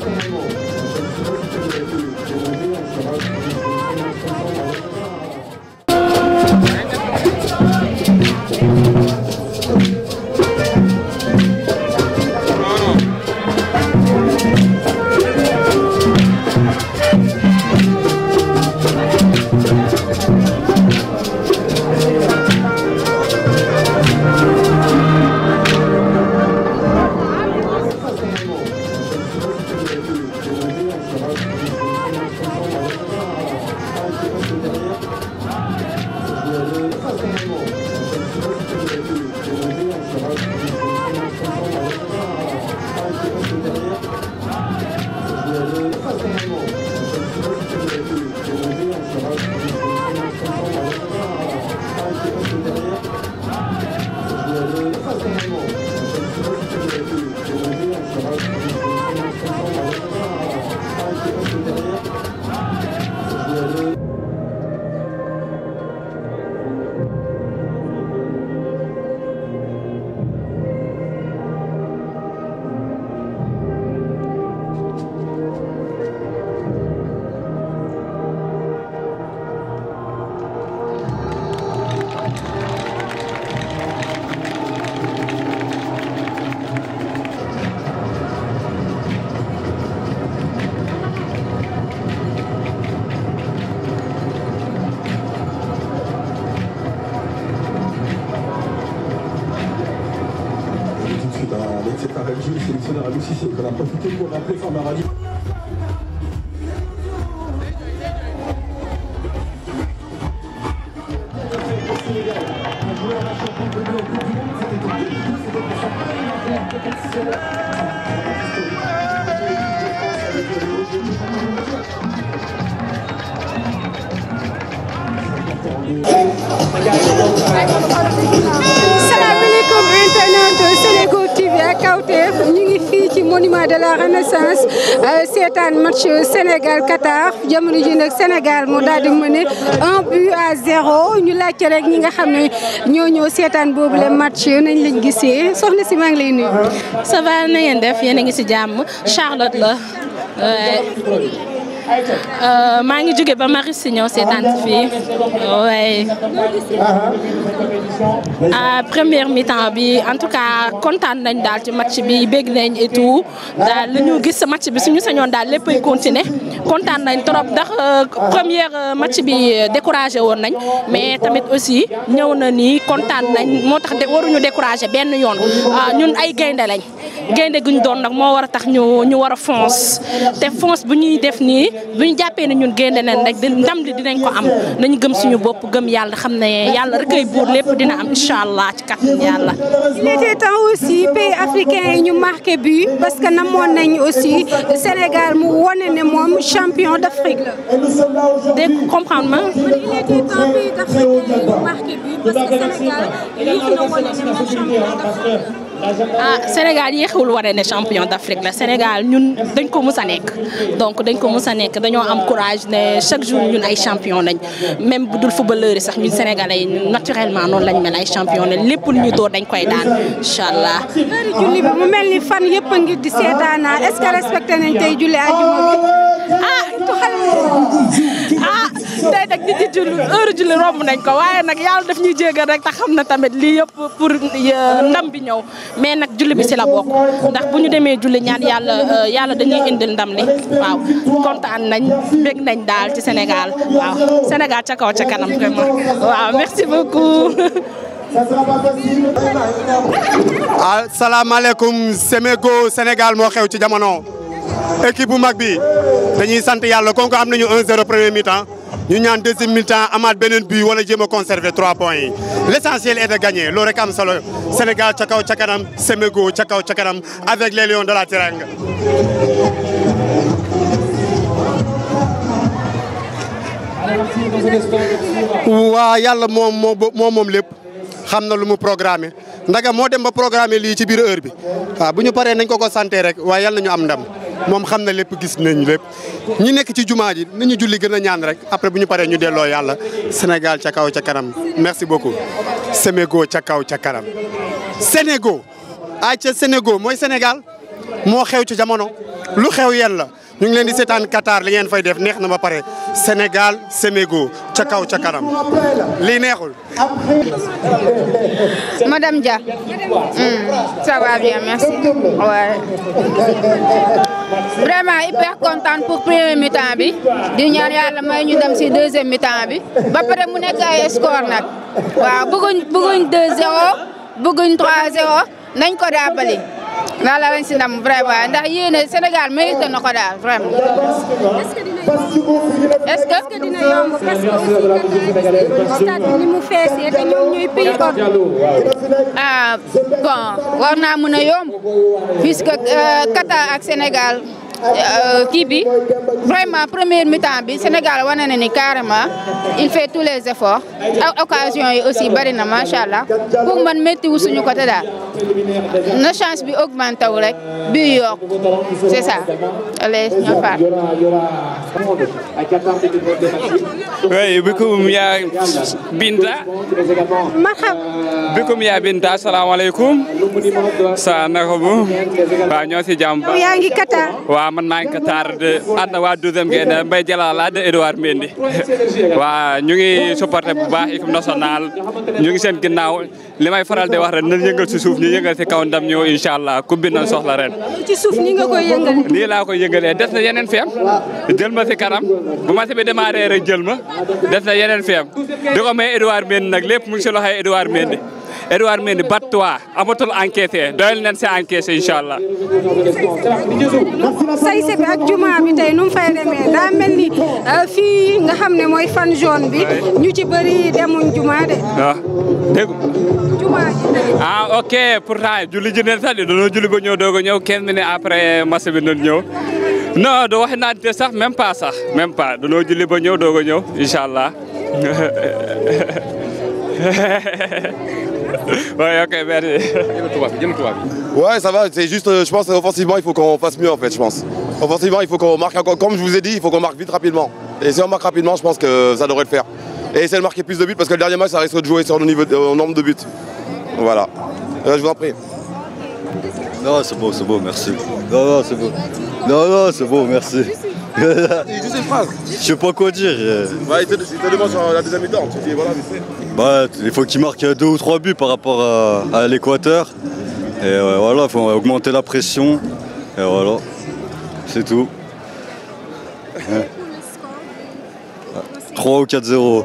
Gracias. aussi, c'est qu'on a profité pour rappeler Famarani. salaamaaleykum internet Sénégo TV ak Kawtef monument de la renaissance euh, seetaan match Sénégal Qatar jamono ji nag Sénégal moo daal di mené un but à zéro ñu laajte rek ñi nga xam ne ñoo ñëw seetaan boobu le match nañ lañ gisee soxna si maa ngi lay nuyu. ça na ngeen def yéen a ngi si jàmm Charlotte la. Euh, maa ngi jóge ba Maris si ñëw seetaan fii waaye à première mi bi en tout cas kontaan nañ daal ci match bi bégg nañ et daal li ñu gis match bi suñu sañoon daal léppay continuer kontaan nañ trop ndax euh, première euh, match bi découragé woon nañ mais tamit aussi ñëw na nii kontaan nañ moo tax waruñu découragé benn yoon ñun ay gaynde lañ gaynde guñ doon nag moo war a tax ñu ñu war a fonce te fonce bu ñuy def nii bu ñu jàppee ne ñun génne nañ rek ndam li dinañ ko am nañu gëm suñu bopp gëm yàlla xam ne yàlla rek ay buur lépp dina am incha allah ci kàttan yàlla. il était temps aussi pays africain yi ñu marqué but parce que namoon nañ aussi Sénégal mu wane ne moom champion d' Afrique la. dégg comprendre ma. ah Sénégal yéexewul waree ne champion d'Afrique la Sénégal ñun dañ ko mus a nekk donc dañ ko mus a nekk dañoo am courage ne chaque jour ñun ay champion lañ même bu dul footballeur yi sax ñun Sénégalais naturellement noonu lañ mel ay champion lañ lépp lu ñu door dañ koy daan incha allah. heure julli bi mu mel a ngi di seetaan est-ce que respecté ah. ah tey nag ñu jiitu heure julli romb nañ ko waaye nag yàlla daf ñuy jéggal rek te xam na tamit lii yëpp pour euh, ndam bi ñëw mais nag juli bi si la bokk ndax bu ñu demee julli ñaan yàlla euh, yàlla dañuy indil ndam li waaw kontaan nañ bég nañ daal ci Sénégal Sénégal ca kaw ca kanam vraiment waaw merci beaucoup. asalaamaaleykum ah, Sémégo Sénégal moo xew ci jamono équipe bu mag bi dañuy sant yàlla kon ko am nañu 1-0 premier mi-temps. ñu ñaan deuxième mi-temps amaat beneen bii wala jéem a conserver trois points yi l' essentiel est de loo loolu rek am solo Sénégal ca kaw ca kanam Sémégo ca kaw ca kanam avec les lions de la Teranga. waa yàlla moom moo moom lépp xam na lu mu programme ndaga moo dem ba programme lii ci biir heure bi waaw bu ñu paree nañ ko ko santé rek waaye na ñu am ndam. moom xam na lépp gis nañu lépp ñu nekk ci jumaa ji nañu julli gën a ñaan rek après bu ñu paree ñu delloo yàlla Sénégal ca kaw ca kanam merci beaucoup Sénégo ca kaw ca kanam Sénégo ay ca Sénégo mooy Sénégal moo xew ci jamono lu xew yàlla ñu ngi leen di seetaan Qatar li ngeen fay def neex na ba pare Sénégal Sénégo ca kaw ca kanam lii neexul. madame Dia. Hmm. ça va bien merci. vraiment hyper content pour premier mi-temps bi di ñaan yàlla may ñu dem si deuxième mi bi ba mu nekk ay score nag waaw bëgguñ bëgguñ 2-0 bëgguñ 3 nañ ko daabali. yàlla lañ si ndam vraiment ndax yéen a Sénégal mérite na ko daal vraiment. est-ce que dina yomb parce que aussi stade bi ni mu feesee te ñoom ñooy pays ah bon war naa mën yomb puisque euh, Qatar ak Sénégal. Euh, kii bi vraiment première mi bi Sénégal wane na ni carrément il fait tous les efforts ak occasion yi aussi bari na macha allah pour man méttiwu suñu côté daal na chance bi augmenté rek bi yokk c'est ça. allez ñoo faat. oui bikum ya Binta. marhab. bikum ya Binta asalaamaaleykum. saa naka bu. waaw ñoo si jàmm. yaa ngi Qatar. waaw man maa ngi Qatar ànd waa douzième Gaïndé Mbaye Diallo laa de Edouard Mendy ñu ngi supporté bu baax équipe nationale ñu ngi seen ginnaaw li may faral di wax rek nañ yëngal si suuf ñu yëngal si kaw ndam ñëw incha allah coupe bi soxla ren. ci suuf nii nga koy yëngal. nii laa koy yëngalee des na yeneen feem jël ma si kanam bu ma si bi rek jël ma des na yeneen feem di ko may Edouard Mendy nag lépp mu ngi si loxoy Edouard Mendy Edouard Mendy bat 3 amatul enquêté doyal nañ si enquêté incha allah. sayse bi ak juma bi tey nu fay demee daa mel ni euh, fii nga xam ne mooy fan zone bi ñu ci bëri demuñ juma de. waaw ah, juma ji ah ok pourtant julli ji ne sax dañoo julli ba ñëw doog a ñëw 15 minutes après match bi doon ñëw. non da wax sax même sax même pas dañoo julli ba ñëw doog a ñëw incha allah. Ouais, ok, merci. Ouais, ça va, c'est juste, euh, je pense, offensivement, il faut qu'on fasse mieux, en fait, je pense. Offensivement, il faut qu'on marque, comme je vous ai dit, il faut qu'on marque vite, rapidement. Et si on marque rapidement, je pense que ça devrait le faire. Et essayer de marquer plus de buts, parce que le dernier match, ça risque de jouer sur le niveau, au nombre de buts. Voilà. Euh, je vous en prie. Non, c'est beau, c'est beau, merci. Non, non, c'est beau. Non, non, c'est beau, merci. il dit ses phrases. Je sais pas quoi dire. il faut qu'il marque euh, deux ou trois buts par rapport à, l'Équateur. Et euh, voilà, il faut augmenter la pression. Et voilà, c'est tout. Ouais. ou 4-0.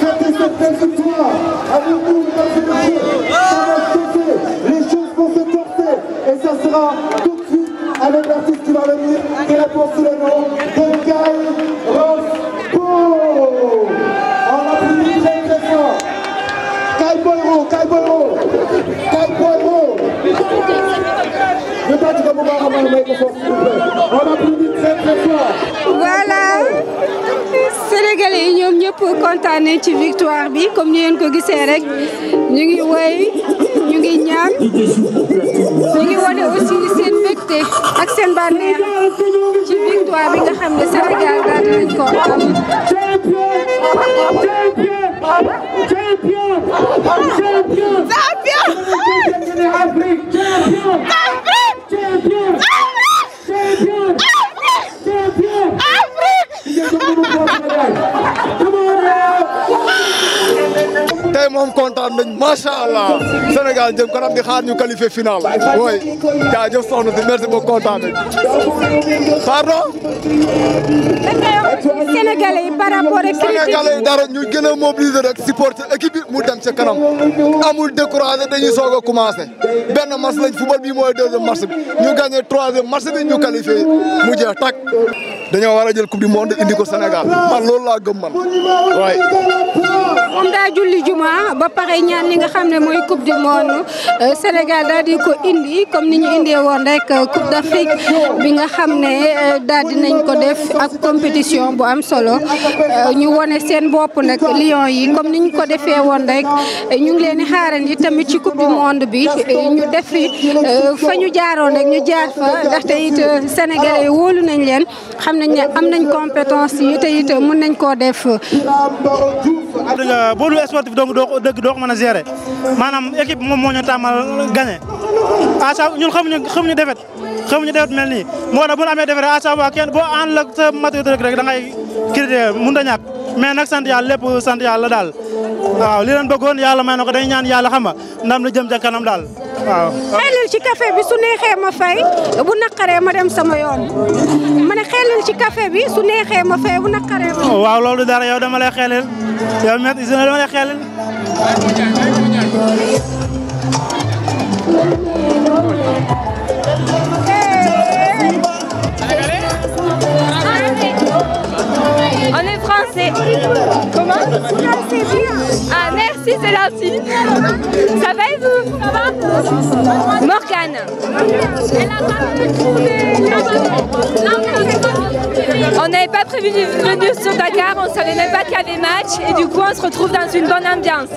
Fêtez cette belle victoire avec nous, mesdames et messieurs. Ça va se passer. Les choses vont se porter. Et ça sera tout de suite avec l'artiste qui va venir, qui répond sous le nom de Gaël Rospo. On applaudit très très fort. Gaël Boiro, Gaël Boiro, Gaël Boiro. Le bâtiment, on applaudit très très fort. Voilà. sénégalais yi ñoom ñëpp kontaan ci victoire bi comme ni ngeen ko gisee rek ñu ngi woy ñu ngi ñaan ñu ngi wone aussi seen mbégte ak seen bànneex ci victoire bi nga xam ne Sénégal daal nañ ko am. champion champion moom kontaan nañ macha allah Sénégal jëm kanam di xaar ñu qualifié final oui jaajëf soxna si merci beaucoup kontaan nañ pardon. Sénégalais yi par rapport ak. Sénégalais yi dara ñu gën a mobiliser rek supporter équipe bi mu dem ca kanam amul découragé dañuy soog a commencé benn match lañ football bi mooy deuxième match bi ñu gagné troisième match bi ñu qualifié mu jeex tak dañoo war a jël coupe du monde indi ko Sénégal man loolu laa gëm man waaye. moom daa julli juma ba pare ñaan li nga xam ne mooy coupe du monde euh, Sénégal daal di ko indi comme ni ñu indee woon rek euh, coupe d'Afrique bi nga xam ne euh, daal nañ ko def ak compétition bu am solo ñu wone seen bopp nag Lions yi comme ni ñu ko defee woon rek ñu ngi leen di xaarandi tamit ci coupe du monde bi def fa ñu jaaroon ñu jaar fa ndaxte it Sénégalais yi nañ leen xam nañ am nañ compétence yi te it mën nañ koo def. boo dul sportif donc doo ko dëgg doo ko mën a gérer maanaam équipe moom moo ñu tàmmal gagné à chaque ñun xamuñu xamuñu defet xamuñu defet mel nii moo tax bu ñu amee defet à chaque fois kenn boo ànd ak sa da ngay critiquer mënut a ñàkk mais daal waaw li leen bëggoon yàlla may na ko dañuy ñaan yàlla xam nga ndam li jëm ca kanam daal waaw xeelal ci bi su neexee ma fay bu naqaree ma dem sama yoon ma ne xeelal ci café bi su ma fay bu naqaree ma. Oh, waaw loolu dara yow ma lay xeelal yow Maître Iseu dama lay On est français. Comment ah, On n'avait pas prévu de sur Dakar, on savait même pas qu'il match et du coup on se retrouve dans une bonne ambiance.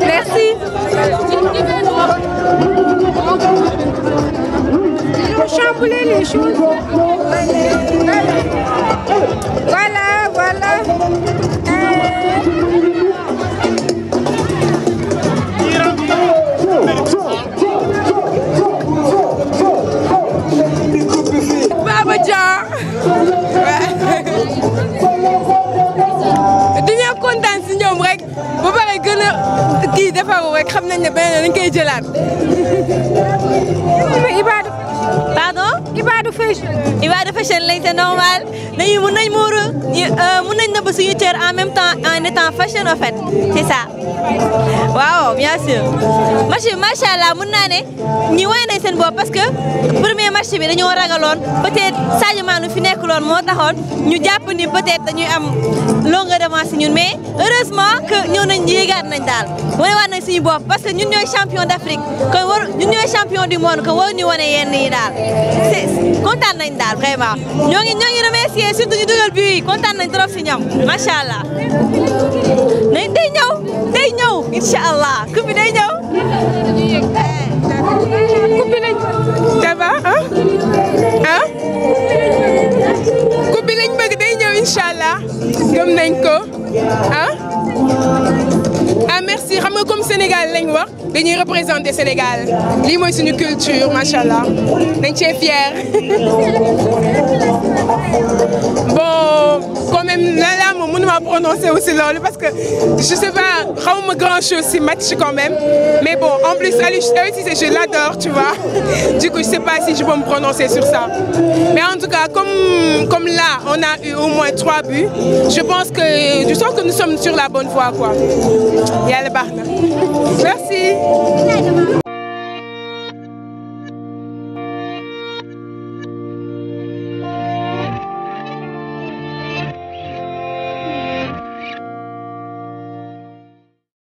Merci. chambouler les choses. Voilà. voilà. soleil c'est normal dañuy nañ muuru euh, mun suñu cër en même fashion en fait c'est waaw bien sûr match bi macha allah mun naa ne ñi woy nañ seen bopp parce que premier match bi dañoo ragaloon peut-être Sadio Mané fi nekk loon moo taxoon ñu jàpp ni peut dañuy am longueur d'avance si ñun mais heureusement que ñëw nañ yéegaat nañ daal wanewaat nañ suñu bopp parce que ñun ñooy champion d'Afrique kon war ñun ñooy champion du monde kon waruñu wane yenn yi daal c'est kontaan nañ daal vraiment ñoo ngi ñoo ngi remercier surtout ñu dugal bi yi kontaan nañ trop si ñam allah coupe bi day ñëw. coupe bi lañ. daba ah. ah. coupe bi lañ bëgg day ñëw incha allah gëm nañ ko ah. ah merci xam nga comme Sénégal lañ wax dañuy représenter Sénégal lii mooy suñu culture macha allah dañ cee fier bon. là là moom mënuma prononcer aussi loolu parce que je sais pas xawma grand chose si match quand même mais bon en plus Aliou Cissé je l'adore je sais pas si je peux me prononcer sur ça mais en tout cas comme là on a eu au moins trois buts je pense que je sens nous sommes sur la bonne voie quoi yàlla baax na merci.